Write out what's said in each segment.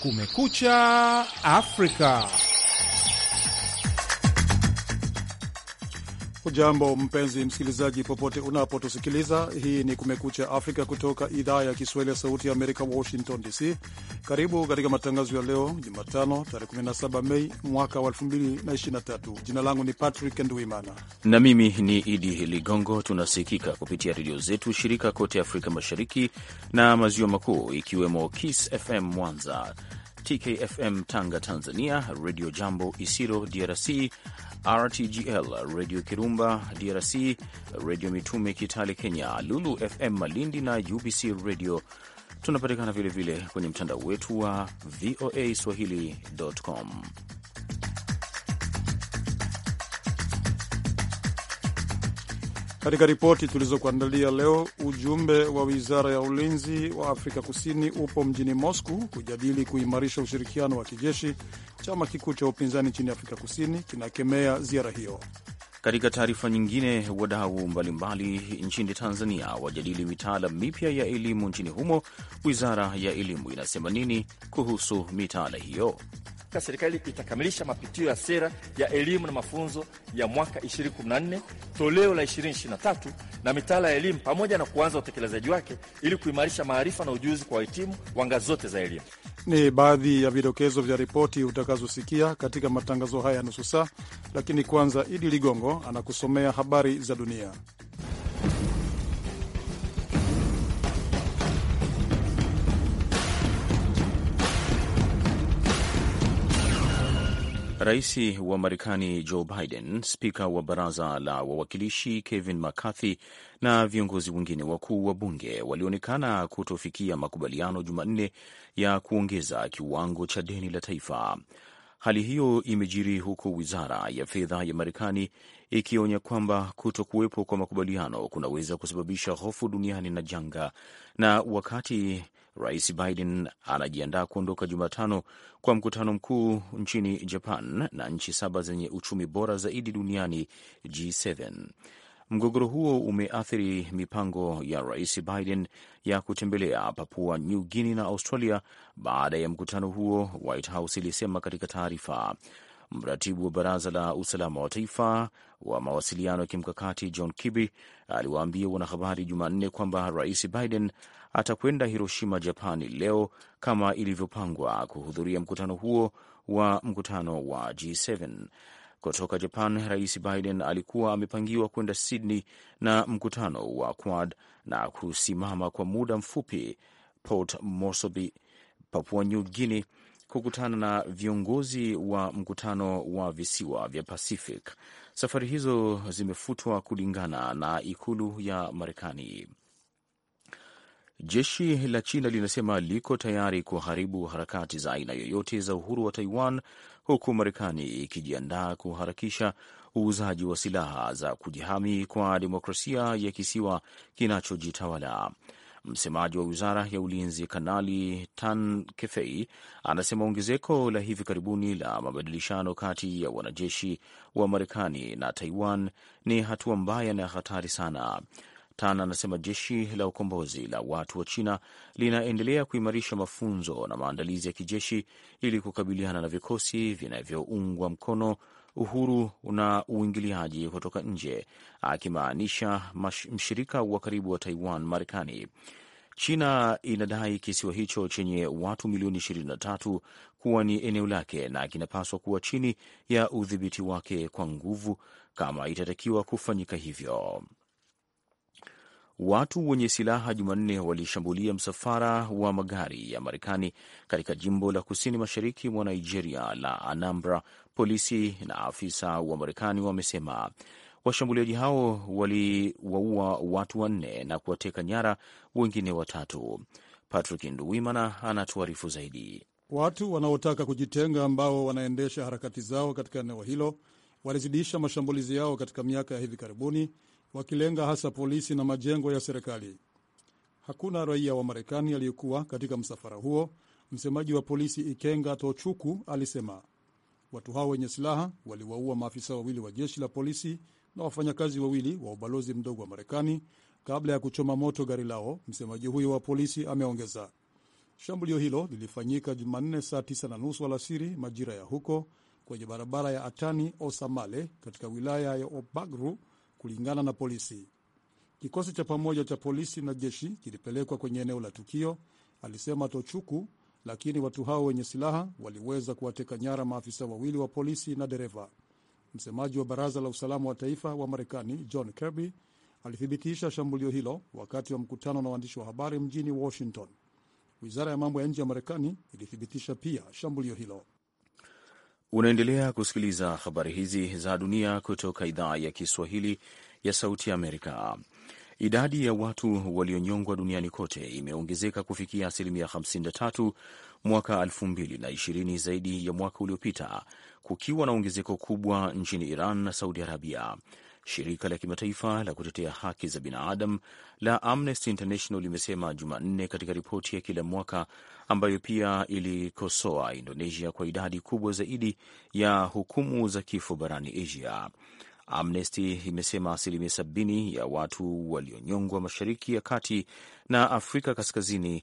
Kumekucha Afrika. jambo mpenzi msikilizaji, popote unapotusikiliza. Hii ni Kumekucha Afrika kutoka idhaa ya Kiswahili ya Sauti ya Amerika, Washington DC. Karibu katika matangazo ya leo Jumatano, tarehe 17 Mei mwaka wa 2023. Jina langu ni Patrick Nduimana na mimi ni Idi Ligongo. Tunasikika kupitia redio zetu shirika kote Afrika Mashariki na Maziwa Makuu, ikiwemo Kiss FM Mwanza, TKFM Tanga Tanzania, Redio Jambo Isiro DRC, RTGL, Redio Kirumba DRC, Redio Mitume Kitale Kenya, Lulu FM Malindi na UBC Radio. Tunapatikana vilevile kwenye mtandao wetu wa VOA Swahili.com. Katika ripoti tulizokuandalia leo, ujumbe wa wizara ya ulinzi wa Afrika Kusini upo mjini Moscow kujadili kuimarisha ushirikiano wa kijeshi Chama kikuu cha upinzani nchini Afrika Kusini kinakemea ziara hiyo. Katika taarifa nyingine, wadau mbalimbali nchini Tanzania wajadili mitaala mipya ya elimu nchini humo. Wizara ya Elimu inasema nini kuhusu mitaala hiyo? Serikali itakamilisha mapitio ya sera ya elimu na mafunzo ya mwaka 2014 toleo la 2023 na mitaala ya elimu pamoja na kuanza utekelezaji wake ili kuimarisha maarifa na ujuzi kwa wahitimu wa ngazi zote za elimu. Ni baadhi ya vidokezo vya ripoti utakazosikia katika matangazo haya ya nusu saa, lakini kwanza Idi Ligongo anakusomea habari za dunia. Rais wa Marekani Joe Biden, spika wa baraza la wawakilishi Kevin McCarthy na viongozi wengine wakuu wa bunge walionekana kutofikia makubaliano Jumanne ya kuongeza kiwango cha deni la taifa. Hali hiyo imejiri huku wizara ya fedha ya Marekani ikionya kwamba kuto kuwepo kwa makubaliano kunaweza kusababisha hofu duniani na janga na wakati Rais Biden anajiandaa kuondoka Jumatano kwa mkutano mkuu nchini Japan na nchi saba zenye uchumi bora zaidi duniani G7. Mgogoro huo umeathiri mipango ya Rais Biden ya kutembelea Papua New Guinea na Australia baada ya mkutano huo, White House ilisema katika taarifa. Mratibu wa Baraza la Usalama wa Taifa wa mawasiliano ya kimkakati John Kirby aliwaambia wanahabari Jumanne kwamba Rais Biden atakwenda Hiroshima, Japani leo kama ilivyopangwa kuhudhuria mkutano huo wa mkutano wa G7. Kutoka Japan, Rais Biden alikuwa amepangiwa kwenda Sydney na mkutano wa Quad na kusimama kwa muda mfupi Port Moresby, Papua New Guinea kukutana na viongozi wa mkutano wa visiwa vya Pacific. Safari hizo zimefutwa kulingana na ikulu ya Marekani. Jeshi la China linasema liko tayari kuharibu harakati za aina yoyote za uhuru wa Taiwan, huku Marekani ikijiandaa kuharakisha uuzaji wa silaha za kujihami kwa demokrasia ya kisiwa kinachojitawala. Msemaji wa wizara ya ulinzi Kanali Tan Kefei anasema ongezeko la hivi karibuni la mabadilishano kati ya wanajeshi wa Marekani na Taiwan ni hatua mbaya na hatari sana. Tan anasema jeshi la ukombozi la watu wa China linaendelea kuimarisha mafunzo na maandalizi ya kijeshi ili kukabiliana na vikosi vinavyoungwa mkono uhuru na uingiliaji kutoka nje, akimaanisha mshirika wa karibu wa Taiwan, Marekani. China inadai kisiwa hicho chenye watu milioni 23 kuwa ni eneo lake na kinapaswa kuwa chini ya udhibiti wake kwa nguvu kama itatakiwa kufanyika hivyo. Watu wenye silaha Jumanne walishambulia msafara wa magari ya Marekani katika jimbo la kusini mashariki mwa Nigeria la Anambra, polisi na afisa wa Marekani wamesema. Washambuliaji hao waliwaua watu wanne na kuwateka nyara wengine watatu. Patrick Nduwimana anatuarifu zaidi. Watu wanaotaka kujitenga ambao wanaendesha harakati zao katika eneo hilo walizidisha mashambulizi yao katika miaka ya hivi karibuni wakilenga hasa polisi na majengo ya serikali. Hakuna raia wa Marekani aliyekuwa katika msafara huo, msemaji wa polisi Ikenga Tochuku alisema. Watu hao wenye silaha waliwaua maafisa wawili wa jeshi la polisi na wafanyakazi wawili wa ubalozi mdogo wa Marekani kabla ya kuchoma moto gari lao, msemaji huyo wa polisi ameongeza. Shambulio hilo lilifanyika Jumanne saa tisa na nusu alasiri majira ya huko kwenye barabara ya Atani Osamale katika wilaya ya Obagru kulingana na polisi. Kikosi cha pamoja cha polisi na jeshi kilipelekwa kwenye eneo la tukio, alisema Tochuku, lakini watu hao wenye silaha waliweza kuwateka nyara maafisa wawili wa polisi na dereva. Msemaji wa baraza la usalama wa taifa wa Marekani John Kirby alithibitisha shambulio hilo wakati wa mkutano na waandishi wa habari mjini Washington. Wizara ya mambo ya nje ya Marekani ilithibitisha pia shambulio hilo. Unaendelea kusikiliza habari hizi za dunia kutoka idhaa ya Kiswahili ya Sauti ya Amerika. Idadi ya watu walionyongwa duniani kote imeongezeka kufikia asilimia 53 mwaka 2020 zaidi ya mwaka uliopita, kukiwa na ongezeko kubwa nchini Iran na Saudi Arabia. Shirika la kimataifa la kutetea haki za binadamu la Amnesty International limesema Jumanne katika ripoti ya kila mwaka ambayo pia ilikosoa Indonesia kwa idadi kubwa zaidi ya hukumu za kifo barani Asia. Amnesty imesema asilimia sabini ya watu walionyongwa mashariki ya kati na Afrika kaskazini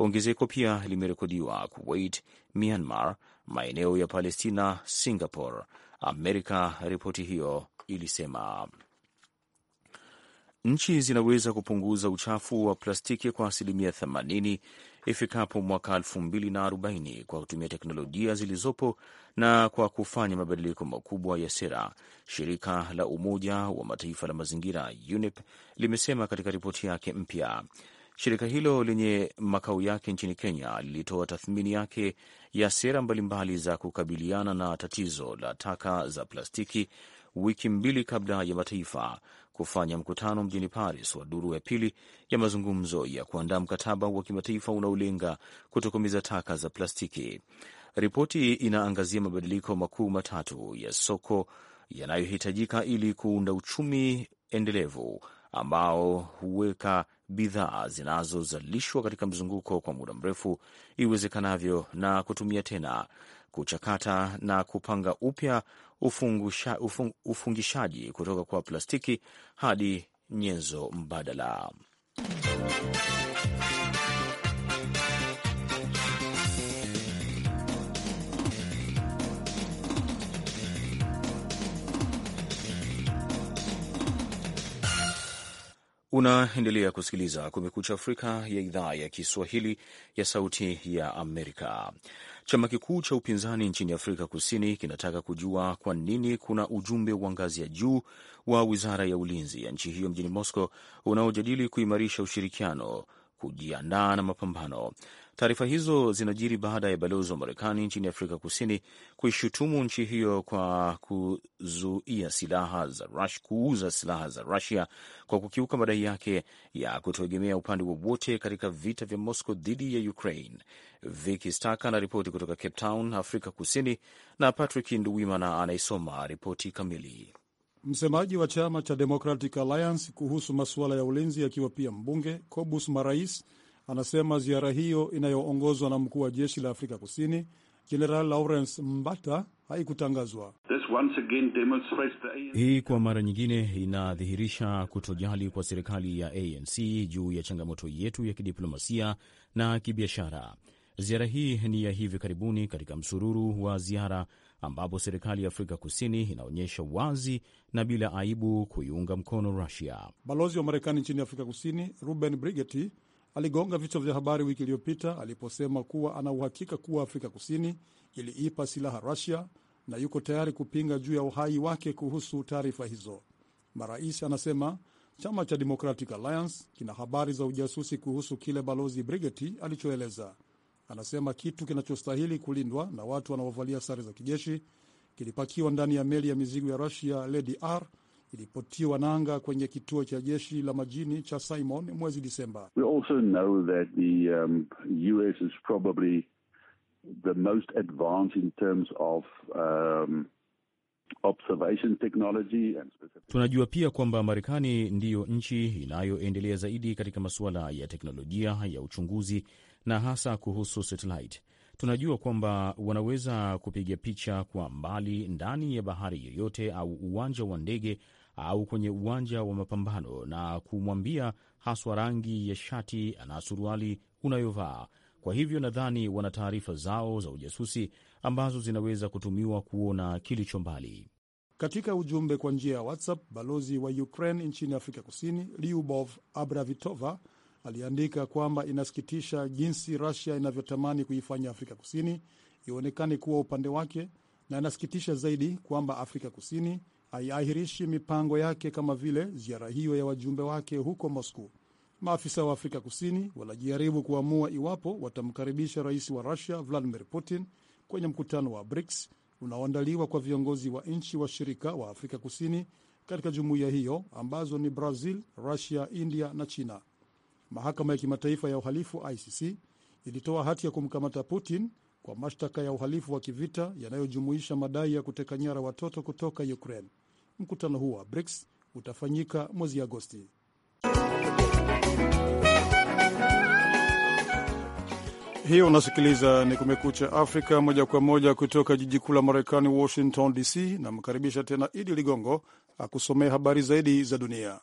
Ongezeko pia limerekodiwa Kuwait, Myanmar, maeneo ya Palestina, Singapore, Amerika, ripoti hiyo ilisema. Nchi zinaweza kupunguza uchafu wa plastiki kwa asilimia 80 ifikapo mwaka 2040 kwa kutumia teknolojia zilizopo na kwa kufanya mabadiliko makubwa ya sera, shirika la Umoja wa Mataifa la mazingira UNEP limesema katika ripoti yake mpya. Shirika hilo lenye makao yake nchini Kenya lilitoa tathmini yake ya sera mbalimbali za kukabiliana na tatizo la taka za plastiki wiki mbili kabla ya mataifa kufanya mkutano mjini Paris wa duru ya pili ya mazungumzo ya kuandaa mkataba wa kimataifa unaolenga kutokomeza taka za plastiki. Ripoti inaangazia mabadiliko makuu matatu ya soko yanayohitajika ili kuunda uchumi endelevu ambao huweka bidhaa zinazozalishwa katika mzunguko kwa muda mrefu iwezekanavyo na kutumia tena, kuchakata na kupanga upya ufung, ufungishaji kutoka kwa plastiki hadi nyenzo mbadala. Unaendelea kusikiliza Kumekucha Afrika ya idhaa ya Kiswahili ya Sauti ya Amerika. Chama kikuu cha upinzani nchini Afrika Kusini kinataka kujua kwa nini kuna ujumbe wa ngazi ya juu wa wizara ya ulinzi ya nchi hiyo mjini Moscow unaojadili kuimarisha ushirikiano kujiandaa na mapambano. Taarifa hizo zinajiri baada ya balozi wa Marekani nchini Afrika Kusini kuishutumu nchi hiyo kwa kuzuia silaha za Rush, kuuza silaha za Rusia kwa kukiuka madai yake ya kutoegemea upande wowote katika vita vya Moscow dhidi ya Ukraine. Viki Staka anaripoti kutoka Cape Town, Afrika Kusini, na Patrick Nduwimana anayesoma ripoti kamili. Msemaji wa chama cha Democratic Alliance kuhusu masuala ya ulinzi akiwa pia mbunge Cobus Marais Anasema ziara hiyo inayoongozwa na mkuu wa jeshi la Afrika Kusini Jeneral Lawrence Mbata haikutangazwa. Hii kwa mara nyingine inadhihirisha kutojali kwa serikali ya ANC juu ya changamoto yetu ya kidiplomasia na kibiashara. Ziara hii ni ya hivi karibuni katika msururu wa ziara ambapo serikali ya Afrika Kusini inaonyesha wazi na bila aibu kuiunga mkono Rusia. Balozi wa Marekani nchini Afrika Kusini Ruben Brigeti aligonga vichwa vya habari wiki iliyopita aliposema kuwa ana uhakika kuwa Afrika Kusini iliipa silaha Rusia na yuko tayari kupinga juu ya uhai wake kuhusu taarifa hizo. Marais anasema chama cha Democratic Alliance kina habari za ujasusi kuhusu kile balozi Brigeti alichoeleza. Anasema kitu kinachostahili kulindwa na watu wanaovalia sare za kijeshi kilipakiwa ndani ya meli ya mizigo ya Rusia Lady R ilipotiwa nanga kwenye kituo cha jeshi la majini cha Simon mwezi Disemba. We also know that the um, US is probably the most advanced in terms of um, observation technology and specific... Tunajua pia kwamba Marekani ndiyo nchi inayoendelea zaidi katika masuala ya teknolojia ya uchunguzi na hasa kuhusu satellite. Tunajua kwamba wanaweza kupiga picha kwa mbali ndani ya bahari yoyote au uwanja wa ndege au kwenye uwanja wa mapambano na kumwambia haswa rangi ya shati na suruali unayovaa. Kwa hivyo nadhani wana taarifa zao za ujasusi ambazo zinaweza kutumiwa kuona kilicho mbali. Katika ujumbe kwa njia ya WhatsApp, balozi wa Ukraine nchini Afrika Kusini Lyubov Abravitova aliandika kwamba inasikitisha jinsi rasia inavyotamani kuifanya Afrika Kusini ionekane kuwa upande wake, na inasikitisha zaidi kwamba Afrika Kusini haiahirishi mipango yake kama vile ziara hiyo ya wajumbe wake huko Moscow. Maafisa wa Afrika Kusini wanajaribu kuamua iwapo watamkaribisha rais wa Rusia Vladimir Putin kwenye mkutano wa BRICS unaoandaliwa kwa viongozi wa nchi washirika wa Afrika Kusini katika jumuiya hiyo ambazo ni Brazil, Rusia, India na China. Mahakama ya Kimataifa ya Uhalifu ICC ilitoa hati ya kumkamata Putin kwa mashtaka ya uhalifu wa kivita yanayojumuisha madai ya kuteka nyara watoto kutoka Ukraine. Mkutano huo wa BRICS utafanyika mwezi Agosti. Hiyo unasikiliza ni Kumekucha Afrika moja kwa moja kutoka jiji kuu la Marekani, Washington DC. Namkaribisha tena Idi Ligongo akusomea habari zaidi za dunia.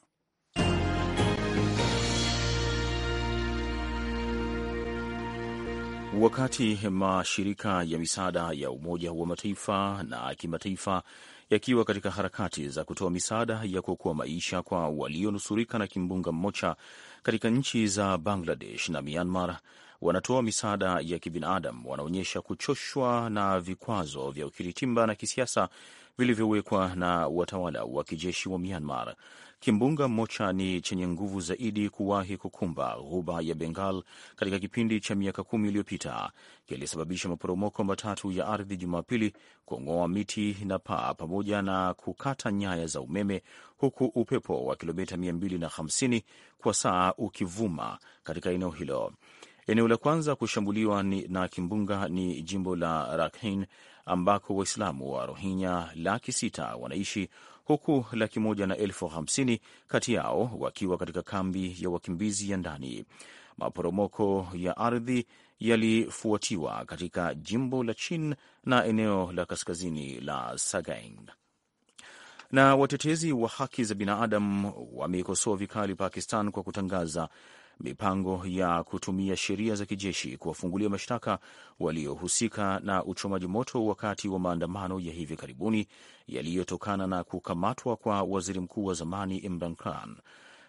Wakati mashirika ya misaada ya Umoja wa Mataifa na kimataifa yakiwa katika harakati za kutoa misaada ya kuokoa maisha kwa walionusurika na kimbunga Mocha katika nchi za Bangladesh na Myanmar. Wanatoa misaada ya kibinadamu wanaonyesha kuchoshwa na vikwazo vya ukiritimba na kisiasa vilivyowekwa na watawala wa kijeshi wa Myanmar. Kimbunga Mocha ni chenye nguvu zaidi kuwahi kukumba ghuba ya Bengal katika kipindi cha miaka kumi iliyopita. Kilisababisha maporomoko matatu ya ardhi Jumapili, kung'oa miti na paa pamoja na kukata nyaya za umeme, huku upepo wa kilomita 250 kwa saa ukivuma katika eneo hilo. Eneo la kwanza kushambuliwa ni, na kimbunga ni jimbo la Rakhine ambako Waislamu wa Rohinya laki sita wanaishi huku laki moja na elfu hamsini kati yao wakiwa katika kambi ya wakimbizi ya ndani. Maporomoko ya ardhi yalifuatiwa katika jimbo la Chin na eneo la kaskazini la Sagaing. Na watetezi wa haki za binadamu wameikosoa vikali Pakistan kwa kutangaza mipango ya kutumia sheria za kijeshi kuwafungulia mashtaka waliohusika na uchomaji moto wakati wa maandamano ya hivi karibuni yaliyotokana na kukamatwa kwa waziri mkuu wa zamani Imran Khan.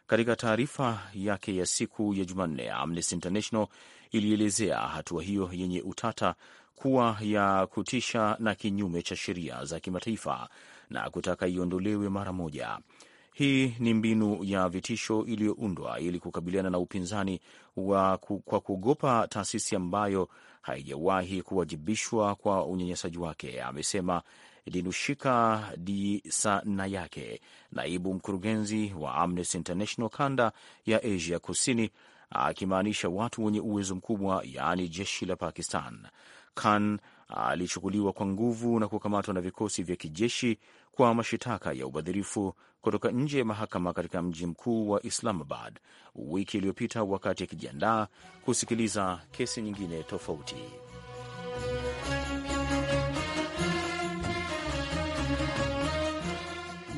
Katika taarifa yake ya siku ya Jumanne, Amnesty International ilielezea hatua hiyo yenye utata kuwa ya kutisha na kinyume cha sheria za kimataifa na kutaka iondolewe mara moja. Hii ni mbinu ya vitisho iliyoundwa ili kukabiliana na upinzani wa kwa kuogopa taasisi ambayo haijawahi kuwajibishwa kwa unyanyasaji wake, amesema Linushika yake naibu mkurugenzi wa Amnesty International kanda ya Asia Kusini, akimaanisha watu wenye uwezo mkubwa, yaani jeshi la Pakistan. Khan alichukuliwa kwa nguvu na kukamatwa na vikosi vya kijeshi kwa mashitaka ya ubadhirifu kutoka nje ya mahakama katika mji mkuu wa Islamabad wiki iliyopita wakati akijiandaa kusikiliza kesi nyingine tofauti.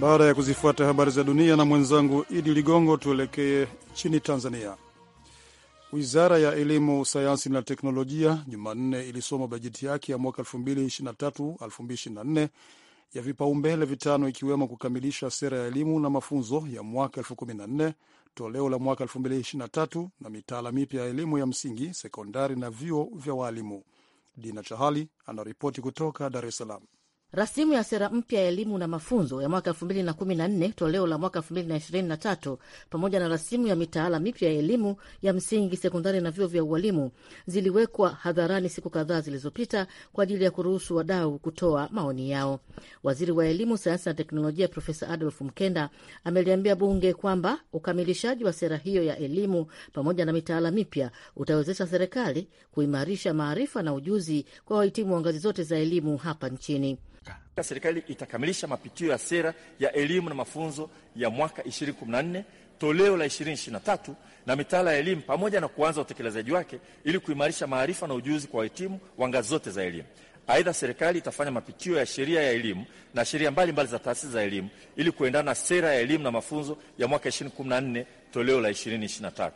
Baada ya kuzifuata habari za dunia na mwenzangu Idi Ligongo, tuelekee nchini Tanzania. Wizara ya Elimu, Sayansi na Teknolojia Jumanne ilisoma bajeti yake ya mwaka 2023/2024 ya vipaumbele vitano ikiwemo kukamilisha sera ya elimu na mafunzo ya mwaka 2014 toleo la mwaka 2023 na mitaala mipya ya elimu ya msingi, sekondari na vyuo vya waalimu. Dina Chahali anaripoti kutoka Dar es Salaam. Rasimu ya sera mpya ya elimu na mafunzo ya mwaka 2014 toleo la mwaka 2023 pamoja na rasimu ya mitaala mipya ya elimu ya msingi, sekondari na vyuo vya ualimu ziliwekwa hadharani siku kadhaa zilizopita kwa ajili ya kuruhusu wadau kutoa maoni yao. Waziri wa Elimu, Sayansi na Teknolojia Profesa Adolf Mkenda ameliambia Bunge kwamba ukamilishaji wa sera hiyo ya elimu pamoja na mitaala mipya utawezesha serikali kuimarisha maarifa na ujuzi kwa wahitimu wa ngazi zote za elimu hapa nchini. Serikali itakamilisha mapitio ya sera ya elimu na mafunzo ya mwaka 2014 toleo la 2023 na mitaala ya elimu pamoja na kuanza utekelezaji wake ili kuimarisha maarifa na ujuzi kwa wahitimu wa ngazi zote za elimu. Aidha, serikali itafanya mapitio ya sheria ya elimu na sheria mbalimbali za taasisi za elimu ili kuendana na sera ya elimu na mafunzo ya mwaka 2014 toleo la 2023.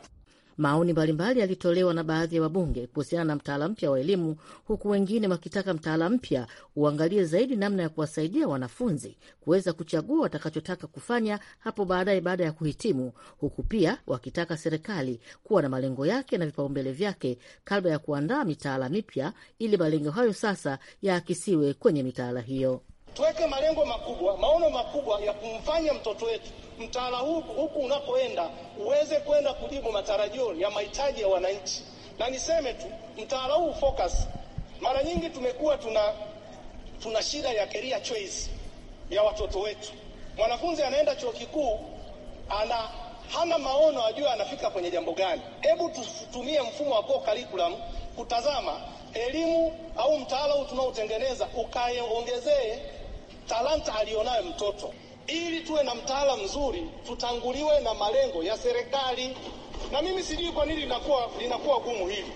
Maoni mbalimbali yalitolewa na baadhi ya wabunge kuhusiana na mtaala mpya wa elimu, huku wengine wakitaka mtaala mpya uangalie zaidi namna ya kuwasaidia wanafunzi kuweza kuchagua watakachotaka kufanya hapo baadaye baada ya kuhitimu, huku pia wakitaka serikali kuwa na malengo yake na vipaumbele vyake kabla ya kuandaa mitaala mipya, ili malengo hayo sasa yaakisiwe kwenye mitaala hiyo. Tuweke malengo makubwa, maono makubwa ya kumfanya mtoto wetu mtaala huu huku unakoenda uweze kwenda kujibu matarajio ya mahitaji ya wananchi. Na niseme tu mtaala huu focus, mara nyingi tumekuwa tuna tuna shida ya career choice ya watoto wetu. Mwanafunzi anaenda chuo kikuu ana hana maono, ajue anafika kwenye jambo gani. Hebu tutumie mfumo wa core curriculum kutazama elimu au mtaala huu tunaotengeneza ukaongezee talanta aliyonayo mtoto. Ili tuwe na mtaala mzuri, tutanguliwe na malengo ya serikali. Na mimi sijui kwa nini linakuwa linakuwa gumu hivi.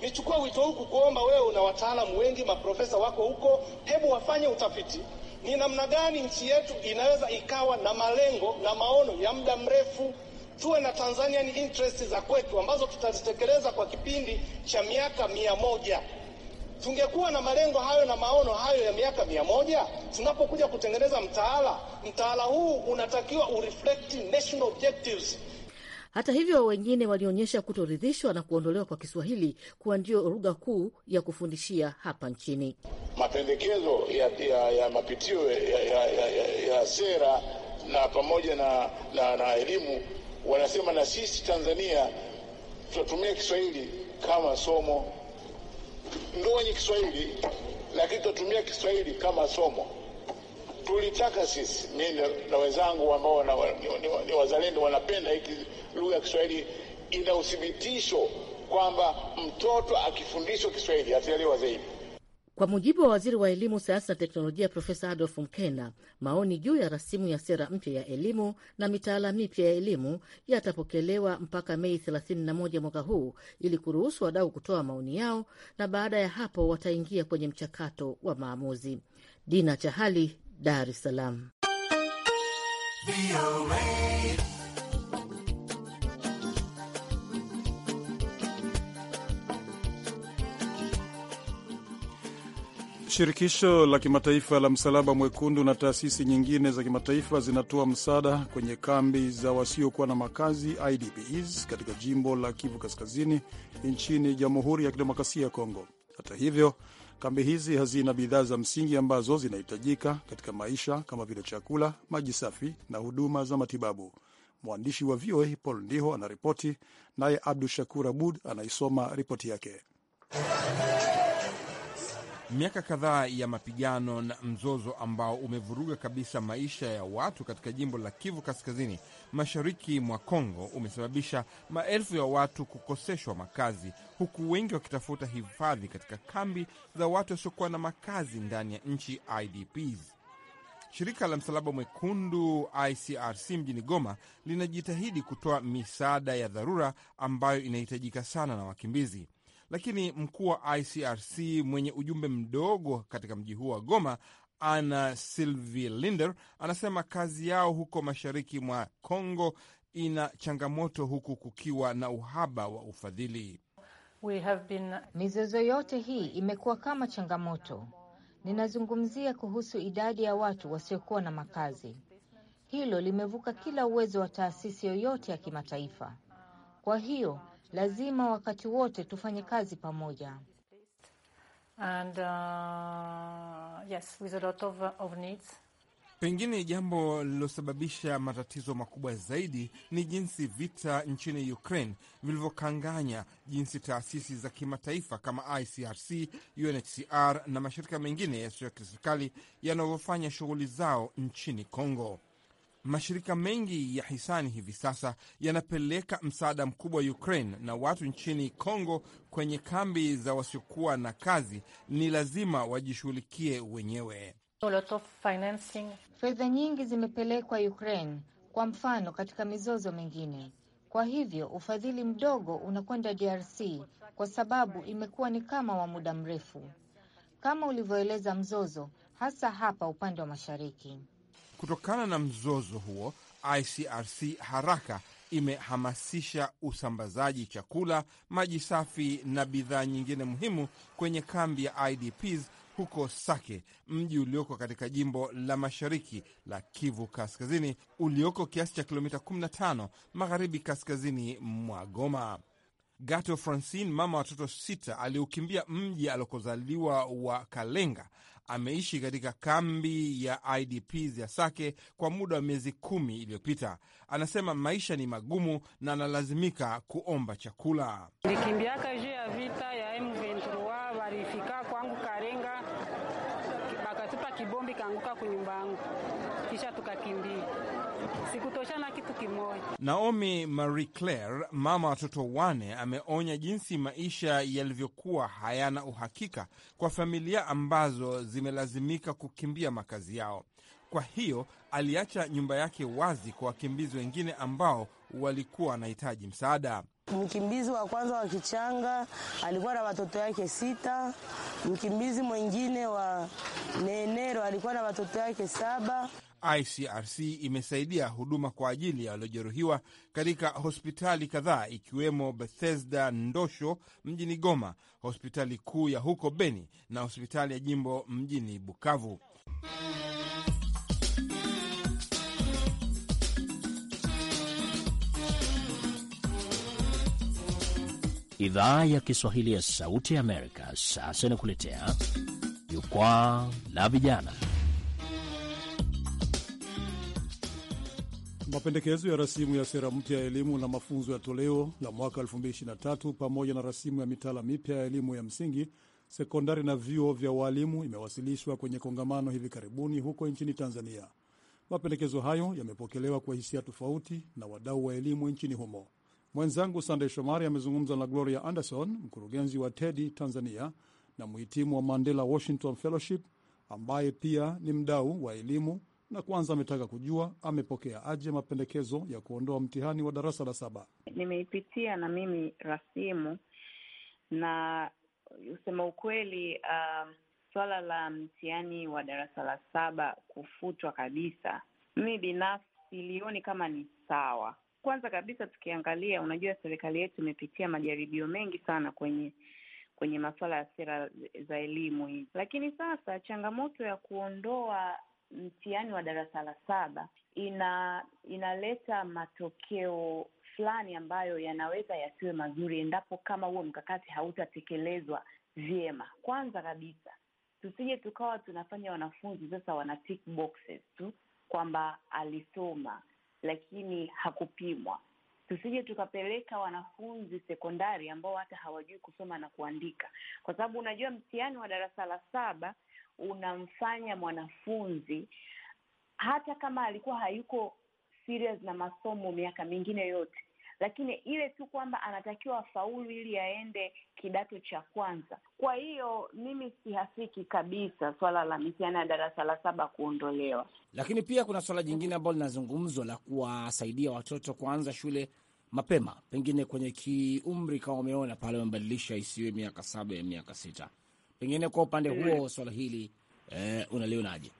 Nichukue wito huu kuomba wewe, una wataalamu wengi, maprofesa wako huko, hebu wafanye utafiti ni namna gani nchi yetu inaweza ikawa na malengo na maono ya muda mrefu. Tuwe na Tanzanian interest za kwetu ambazo tutazitekeleza kwa kipindi cha miaka mia moja. Tungekuwa na malengo hayo na maono hayo ya miaka mia moja, tunapokuja kutengeneza mtaala, mtaala huu unatakiwa ureflect national objectives. Hata hivyo wengine walionyesha kutoridhishwa na kuondolewa kwa Kiswahili kuwa ndio lugha kuu ya kufundishia hapa nchini. Mapendekezo ya, ya, ya mapitio ya, ya, ya, ya sera na pamoja na, na, na elimu wanasema na sisi Tanzania tutatumia Kiswahili kama somo ndio wenye Kiswahili, lakini tutatumia Kiswahili kama somo. Tulitaka sisi, mimi na wenzangu ambao ni wazalendo, wanapenda hiki lugha ya Kiswahili, ina uthibitisho kwamba mtoto akifundishwa Kiswahili ataelewa zaidi. Kwa mujibu wa waziri wa elimu, sayansi na teknolojia Profesa Adolf mkena maoni juu ya rasimu ya sera mpya ya elimu na mitaala mipya ya elimu yatapokelewa mpaka Mei 31 mwaka huu ili kuruhusu wadau kutoa maoni yao, na baada ya hapo wataingia kwenye mchakato wa maamuzi. Dina Chahali, Dar es Salaam. Shirikisho la kimataifa la Msalaba Mwekundu na taasisi nyingine za kimataifa zinatoa msaada kwenye kambi za wasiokuwa na makazi IDPs katika jimbo la Kivu Kaskazini nchini Jamhuri ya Kidemokrasia ya Kongo. Hata hivyo, kambi hizi hazina bidhaa za msingi ambazo zinahitajika katika maisha kama vile chakula, maji safi na huduma za matibabu. Mwandishi wa VOA Paul Ndiho anaripoti, naye Abdu Shakur Abud anaisoma ripoti yake. Miaka kadhaa ya mapigano na mzozo ambao umevuruga kabisa maisha ya watu katika jimbo la Kivu Kaskazini, mashariki mwa Kongo, umesababisha maelfu ya watu kukoseshwa makazi, huku wengi wakitafuta hifadhi katika kambi za watu wasiokuwa na makazi ndani ya nchi IDPs. Shirika la Msalaba Mwekundu ICRC mjini Goma linajitahidi kutoa misaada ya dharura ambayo inahitajika sana na wakimbizi lakini mkuu wa ICRC mwenye ujumbe mdogo katika mji huo wa Goma Ana Sylvie Linder anasema kazi yao huko mashariki mwa Kongo ina changamoto huku kukiwa na uhaba wa ufadhili. been... mizozo yote hii imekuwa kama changamoto. Ninazungumzia kuhusu idadi ya watu wasiokuwa na makazi. Hilo limevuka kila uwezo wa taasisi yoyote ya kimataifa. Kwa hiyo Lazima wakati wote tufanye kazi pamoja. And, uh, yes, with a lot of, of needs. Pengine jambo lililosababisha matatizo makubwa zaidi ni jinsi vita nchini Ukraine vilivyokanganya jinsi taasisi za kimataifa kama ICRC, UNHCR na mashirika mengine yasiyo ya kiserikali yanavyofanya shughuli zao nchini Kongo. Mashirika mengi ya hisani hivi sasa yanapeleka msaada mkubwa wa Ukraine na watu nchini Kongo kwenye kambi za wasiokuwa na kazi ni lazima wajishughulikie wenyewe. Fedha nyingi zimepelekwa Ukraine, kwa mfano katika mizozo mingine. Kwa hivyo ufadhili mdogo unakwenda DRC kwa sababu imekuwa ni kama wa muda mrefu, kama ulivyoeleza mzozo, hasa hapa upande wa mashariki. Kutokana na mzozo huo, ICRC haraka imehamasisha usambazaji chakula, maji safi na bidhaa nyingine muhimu kwenye kambi ya IDPs huko Sake, mji ulioko katika jimbo la mashariki la Kivu Kaskazini, ulioko kiasi cha kilomita 15 magharibi kaskazini mwa Goma. Gato Francine, mama watoto sita, aliukimbia mji alikozaliwa wa Kalenga. Ameishi katika kambi ya IDPs ya Sake kwa muda wa miezi kumi iliyopita. Anasema maisha ni magumu na analazimika kuomba chakula. Nilikimbiaka juu ya vita ya M23 walifika kwangu Karenga, bakatupa kibombi kaanguka kunyumba yangu, kisha tukakimbia sikutoshana kitu kimoja. Naomi Marie Claire, mama watoto wane, ameonya jinsi maisha yalivyokuwa hayana uhakika kwa familia ambazo zimelazimika kukimbia makazi yao. Kwa hiyo aliacha nyumba yake wazi kwa wakimbizi wengine ambao walikuwa wanahitaji msaada. Mkimbizi wa kwanza wa Kichanga alikuwa na watoto yake sita. Mkimbizi mwingine wa Nenero alikuwa na watoto yake saba. ICRC imesaidia huduma kwa ajili ya waliojeruhiwa katika hospitali kadhaa ikiwemo Bethesda Ndosho mjini Goma, hospitali kuu ya huko Beni na hospitali ya jimbo mjini Bukavu. Idhaa ya Kiswahili ya Sauti ya Amerika sasa inakuletea jukwaa la vijana. Mapendekezo ya rasimu ya sera mpya ya elimu na mafunzo ya toleo la mwaka 2023 pamoja na rasimu ya mitaala mipya ya elimu ya msingi, sekondari na vyuo vya waalimu imewasilishwa kwenye kongamano hivi karibuni huko nchini Tanzania. Mapendekezo hayo yamepokelewa kwa hisia tofauti na wadau wa elimu nchini humo. Mwenzangu Sandey Shomari amezungumza na Gloria Anderson, mkurugenzi wa TEDI Tanzania na mhitimu wa Mandela Washington Fellowship, ambaye pia ni mdau wa elimu, na kwanza ametaka kujua amepokea aje mapendekezo ya kuondoa mtihani wa darasa la saba. Nimeipitia na mimi rasimu na usema ukweli, uh, swala la mtihani wa darasa la saba kufutwa kabisa, mimi binafsi silioni kama ni sawa kwanza kabisa tukiangalia, unajua serikali yetu imepitia majaribio mengi sana kwenye kwenye masuala ya sera za elimu hii, lakini sasa changamoto ya kuondoa mtihani wa darasa la saba ina inaleta matokeo fulani ambayo yanaweza yasiwe mazuri endapo kama huo mkakati hautatekelezwa vyema. Kwanza kabisa tusije tukawa tunafanya wanafunzi sasa wana tick boxes tu kwamba alisoma lakini hakupimwa. Tusije tukapeleka wanafunzi sekondari ambao hata hawajui kusoma na kuandika, kwa sababu unajua mtihani wa darasa la saba unamfanya mwanafunzi hata kama alikuwa hayuko serious na masomo miaka mingine yote lakini ile tu kwamba anatakiwa faulu ili aende kidato cha kwanza, kwa hiyo mimi sihasiki kabisa swala la mitihani ya darasa la saba kuondolewa, lakini pia kuna swala jingine ambalo linazungumzwa la kuwasaidia watoto kuanza shule mapema, pengine kwenye kiumri kama umeona pale wamebadilisha isiwe miaka saba ya miaka sita. Pengine kwa upande mm. huo swala hili eh, unalionaje?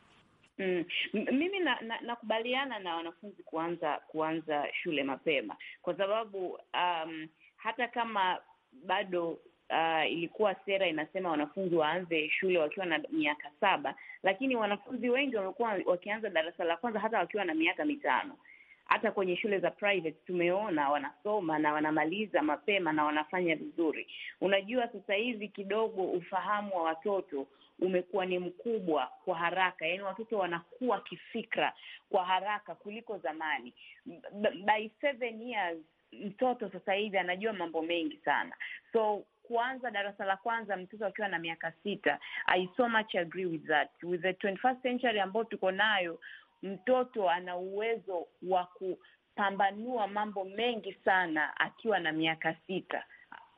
Mm. Mimi nakubaliana na, na, na wanafunzi kuanza kuanza shule mapema kwa sababu um, hata kama bado uh, ilikuwa sera inasema wanafunzi waanze shule wakiwa na miaka saba, lakini wanafunzi wengi wamekuwa wakianza darasa la kwanza hata wakiwa na miaka mitano. Hata kwenye shule za private tumeona wanasoma na wanamaliza mapema na wanafanya vizuri. Unajua, sasa hivi kidogo ufahamu wa watoto umekuwa ni mkubwa kwa haraka, yaani watoto wanakuwa kifikra kwa haraka kuliko zamani. By seven years mtoto sasa hivi anajua mambo mengi sana, so kuanza darasa la kwanza mtoto akiwa na miaka sita. I so much agree with that. With the 21st century ambayo tuko nayo, mtoto ana uwezo wa kupambanua mambo mengi sana akiwa na miaka sita.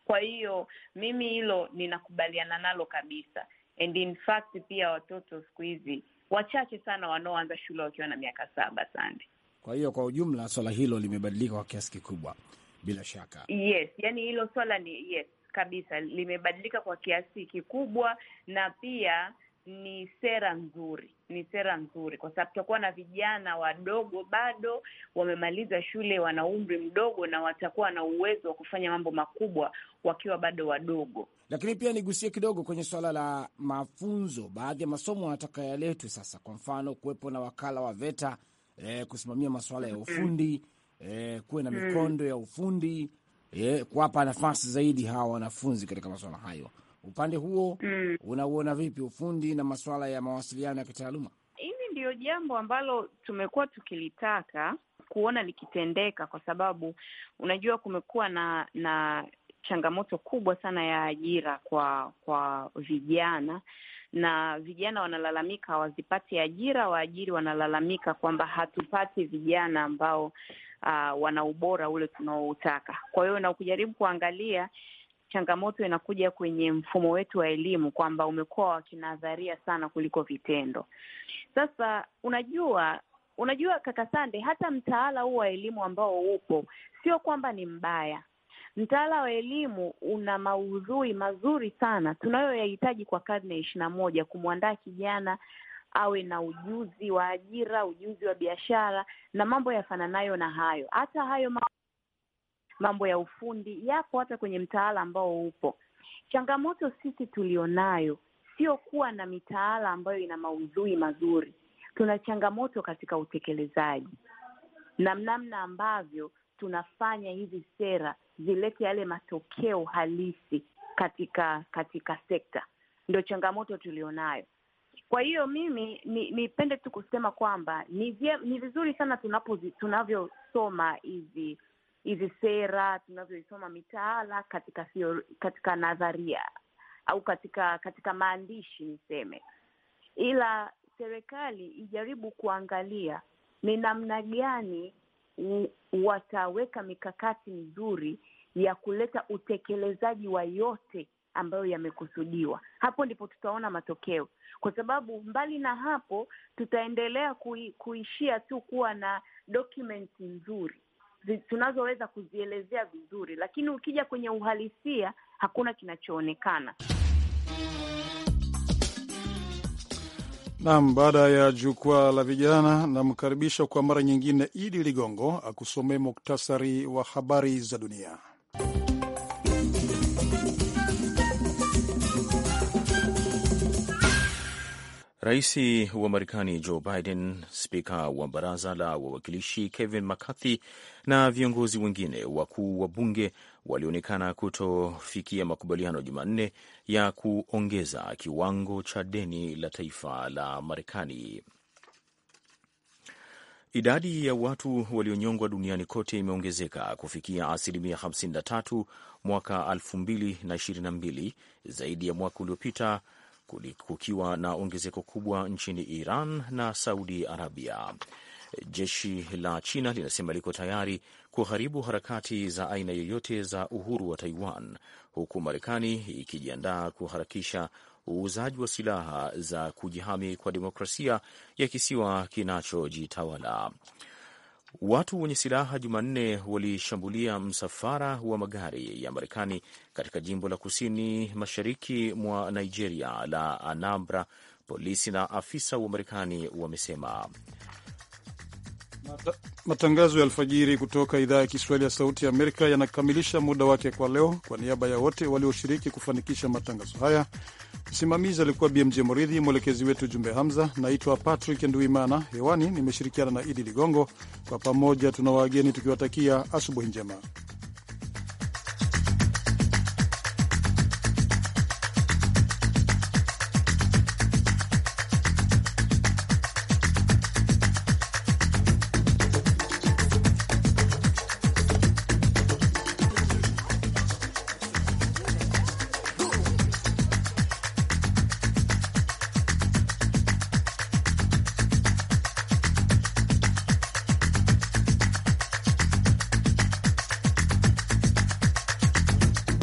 Kwa hiyo mimi hilo ninakubaliana nalo kabisa, and in fact pia watoto siku hizi wachache sana wanaoanza shule wakiwa na miaka saba. Sande. Kwa hiyo kwa ujumla swala hilo limebadilika kwa kiasi kikubwa bila shaka. Yes, yani hilo swala ni yes, kabisa, limebadilika kwa kiasi kikubwa, na pia ni sera nzuri, ni sera nzuri kwa sababu tutakuwa na vijana wadogo bado wamemaliza shule, wana umri mdogo, na watakuwa na uwezo wa kufanya mambo makubwa wakiwa bado wadogo. Lakini pia nigusie kidogo kwenye suala la mafunzo, baadhi ya masomo wanataka yaletwe sasa. Kwa mfano, kuwepo na wakala wa VETA eh, kusimamia masuala ya mm-hmm. ufundi eh, kuwe na mm-hmm. mikondo ya ufundi e, kuwapa nafasi zaidi hawa wanafunzi katika masuala hayo. Upande huo mm, unauona vipi ufundi na masuala ya mawasiliano ya kitaaluma? Hili ndiyo jambo ambalo tumekuwa tukilitaka kuona likitendeka, kwa sababu unajua kumekuwa na na changamoto kubwa sana ya ajira kwa kwa vijana na vijana wanalalamika hawazipati ajira. Waajiri wanalalamika kwamba hatupati vijana ambao uh, wana ubora ule tunaoutaka. Kwa hiyo na kujaribu kuangalia changamoto inakuja kwenye mfumo wetu wa elimu kwamba umekuwa wa kinadharia sana kuliko vitendo. Sasa unajua unajua kaka Sande, hata mtaala huu wa elimu ambao upo sio kwamba ni mbaya. Mtaala wa elimu una maudhui mazuri sana tunayoyahitaji kwa karne ya ishirini na moja kumwandaa kijana awe na ujuzi wa ajira, ujuzi wa biashara na mambo yafananayo na hayo. Hata hayo mambo ya ufundi yapo hata kwenye mtaala ambao upo. Changamoto sisi tulionayo sio kuwa na mitaala ambayo ina maudhui mazuri. Tuna changamoto katika utekelezaji na namna ambavyo tunafanya hizi sera zilete yale matokeo halisi katika katika sekta, ndio changamoto tulionayo. Kwa hiyo mimi nipende ni tu kusema kwamba ni, ni vizuri sana tunavyosoma hizi hizi sera tunavyoisoma mitaala katika katika nadharia au katika katika maandishi niseme, ila serikali ijaribu kuangalia ni namna gani wataweka mikakati mizuri ya kuleta utekelezaji wa yote ambayo yamekusudiwa. Hapo ndipo tutaona matokeo, kwa sababu mbali na hapo tutaendelea kui, kuishia tu kuwa na dokumenti nzuri tunazoweza kuzielezea vizuri, lakini ukija kwenye uhalisia hakuna kinachoonekana. Nam, baada ya jukwaa la vijana, namkaribisha kwa mara nyingine Idi Ligongo akusomee muktasari wa habari za dunia. Rais wa Marekani Joe Biden, spika wa baraza la wawakilishi Kevin McCarthy na viongozi wengine wakuu wa bunge walionekana kutofikia makubaliano Jumanne ya kuongeza kiwango cha deni la taifa la Marekani. Idadi ya watu walionyongwa duniani kote imeongezeka kufikia asilimia 53 mwaka 2022 zaidi ya mwaka uliopita kukiwa na ongezeko kubwa nchini Iran na Saudi Arabia. Jeshi la China linasema liko tayari kuharibu harakati za aina yoyote za uhuru wa Taiwan, huku Marekani ikijiandaa kuharakisha uuzaji wa silaha za kujihami kwa demokrasia ya kisiwa kinachojitawala. Watu wenye silaha Jumanne walishambulia msafara wa magari ya Marekani katika jimbo la kusini mashariki mwa Nigeria la Anambra, polisi na afisa wa Marekani wamesema. Matangazo ya alfajiri kutoka idhaa ya Kiswahili ya Sauti ya Amerika yanakamilisha muda wake kwa leo. Kwa niaba ya wote walioshiriki kufanikisha matangazo haya, msimamizi alikuwa BMJ Moridhi, mwelekezi wetu Jumbe Hamza. Naitwa Patrick Nduimana, hewani nimeshirikiana na Idi Ligongo. Kwa pamoja tuna wageni tukiwatakia asubuhi njema.